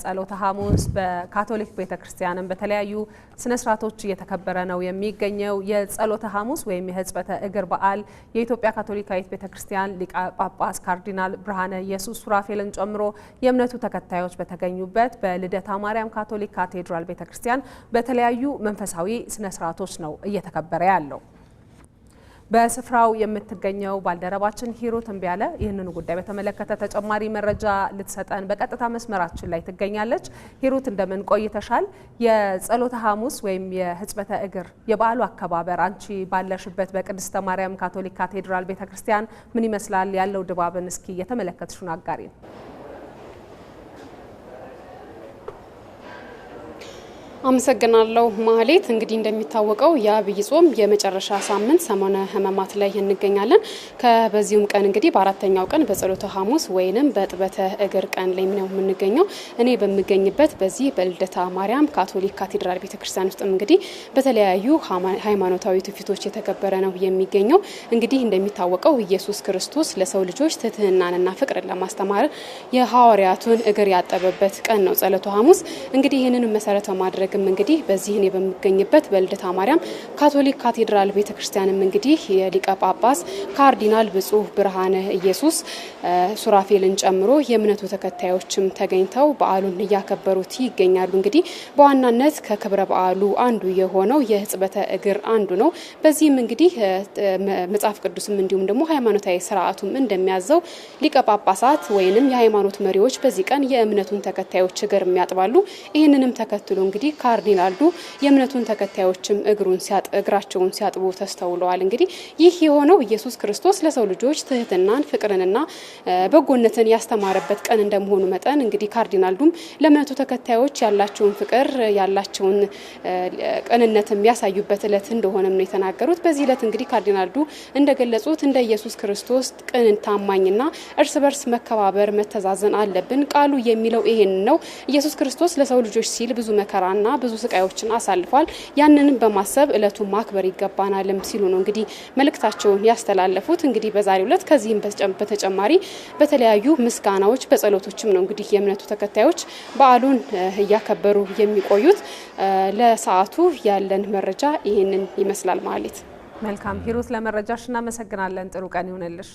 ጸሎተ ሐሙስ በካቶሊክ ቤተክርስቲያንም በተለያዩ ስነስርዓቶች እየተከበረ ነው የሚገኘው። የጸሎተ ሐሙስ ወይም የሕጽበተ እግር በዓል የኢትዮጵያ ካቶሊካዊት ቤተክርስቲያን ሊቀ ጳጳስ ካርዲናል ብርሃነ ኢየሱስ ሱራፌልን ጨምሮ የእምነቱ ተከታዮች በተገኙበት በልደታ ማርያም ካቶሊክ ካቴድራል ቤተክርስቲያን በተለያዩ መንፈሳዊ ስነስርዓቶች ነው እየተከበረ ያለው። በስፍራው የምትገኘው ባልደረባችን ሂሩት እምቢያለ ይህንኑ ጉዳይ በተመለከተ ተጨማሪ መረጃ ልትሰጠን በቀጥታ መስመራችን ላይ ትገኛለች። ሂሩት እንደምን ቆይተሻል? የጸሎተ ሐሙስ ወይም የህጽበተ እግር የበዓሉ አከባበር አንቺ ባለሽበት በቅድስተ ማርያም ካቶሊክ ካቴድራል ቤተክርስቲያን ምን ይመስላል? ያለው ድባብን እስኪ የተመለከትሽውን አጋሪ ነው አመሰግናለሁ ማህሌት። እንግዲህ እንደሚታወቀው የአብይ ጾም የመጨረሻ ሳምንት ሰሞነ ህመማት ላይ እንገኛለን። ከበዚሁም ቀን እንግዲህ በአራተኛው ቀን በጸሎተ ሐሙስ ወይንም በጥበተ እግር ቀን ላይ ነው የምንገኘው። እኔ በምገኝበት በዚህ በልደታ ማርያም ካቶሊክ ካቴድራል ቤተክርስቲያን ውስጥም እንግዲህ በተለያዩ ሃይማኖታዊ ትውፊቶች የተከበረ ነው የሚገኘው። እንግዲህ እንደሚታወቀው ኢየሱስ ክርስቶስ ለሰው ልጆች ትህትናንና ፍቅርን ለማስተማር የሐዋርያቱን እግር ያጠበበት ቀን ነው ጸሎተ ሐሙስ። እንግዲህ ይህንን መሰረት ማድረግ አምላክም እንግዲህ በዚህ እኔ በምገኝበት በልደታ ማርያም ካቶሊክ ካቴድራል ቤተ ክርስቲያንም እንግዲህ የሊቀ ጳጳስ ካርዲናል ብጹህ ብርሃነ ኢየሱስ ሱራፌልን ጨምሮ የእምነቱ ተከታዮችም ተገኝተው በዓሉን እያከበሩት ይገኛሉ። እንግዲህ በዋናነት ከክብረ በዓሉ አንዱ የሆነው የህጽበተ እግር አንዱ ነው። በዚህም እንግዲህ መጽሐፍ ቅዱስም እንዲሁም ደግሞ ሃይማኖታዊ ስርዓቱም እንደሚያዘው ሊቀ ጳጳሳት ወይንም የሃይማኖት መሪዎች በዚህ ቀን የእምነቱን ተከታዮች እግር የሚያጥባሉ። ይህንንም ተከትሎ እንግዲህ ካርዲናልዱ የእምነቱን ተከታዮችም እግሩን እግራቸውን ሲያጥቡ ተስተውለዋል። እንግዲህ ይህ የሆነው ኢየሱስ ክርስቶስ ለሰው ልጆች ትህትናን፣ ፍቅርንና በጎነትን ያስተማረበት ቀን እንደመሆኑ መጠን እንግዲህ ካርዲናልዱም ለእምነቱ ተከታዮች ያላቸውን ፍቅር ያላቸውን ቅንነት የሚያሳዩበት እለት እንደሆነም ነው የተናገሩት። በዚህ እለት እንግዲህ ካርዲናልዱ እንደገለጹት እንደ ኢየሱስ ክርስቶስ ቅን፣ ታማኝና እርስ በርስ መከባበር፣ መተዛዘን አለብን። ቃሉ የሚለው ይሄን ነው። ኢየሱስ ክርስቶስ ለሰው ልጆች ሲል ብዙ መከራና ችግሮችና ብዙ ስቃዮችን አሳልፏል። ያንንም በማሰብ እለቱን ማክበር ይገባናልም ሲሉ ነው እንግዲህ መልእክታቸውን ያስተላለፉት። እንግዲህ በዛሬው እለት ከዚህም በተጨማሪ በተለያዩ ምስጋናዎች በጸሎቶችም ነው እንግዲህ የእምነቱ ተከታዮች በዓሉን እያከበሩ የሚቆዩት። ለሰዓቱ ያለን መረጃ ይህንን ይመስላል ማለት መልካም ሂሩት፣ ለመረጃሽ እናመሰግናለን። ጥሩ ቀን ይሆንልሽ።